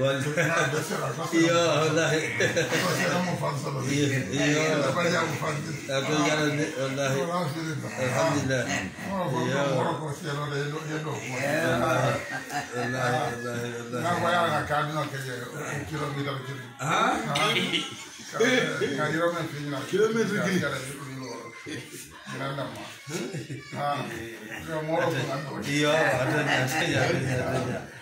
Olha. Nada, sei lá, gosto E olha. Você não me faz sobre isso. E olha. Trabalhar um faz isso. Trabalhar um faz isso. Alhamdulillah. Alhamdulillah. Moro com você, não é louco. Allah, Allah, Allah. Não vai lá, caminho aquele quilômetro aqui. Ah? Quilômetro aqui. Quilômetro aqui. Ah, eu moro com a noite. E olha, olha, olha.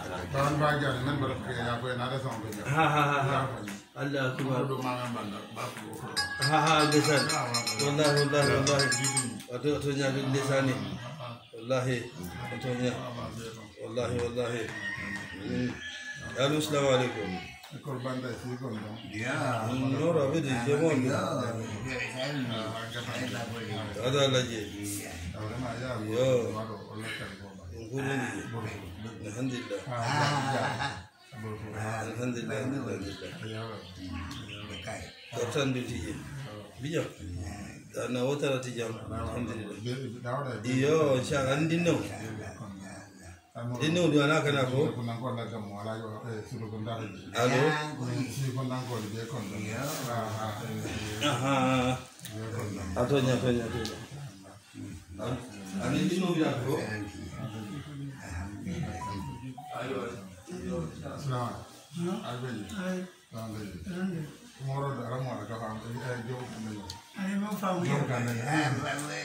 हाँ हाँ हाँ हाँ अल्लाह हाँ हाँ जी sir والله والله والله أتوجع باللسان والله أتوجع والله والله ألو السلام عليكم قربان ده فيكم يا نور أبد الجمال هذا لجي يا bijo na wotara ti jam alhamdulillah iyo insha Allah ndinno ndinno do ana kana ko alo aha atonya atonya atonya ani ndinno bi ko Selamat. Albeli. Albeli. Tomorrow, Ramu ada kau faham. Jom kandang. Jom kandang.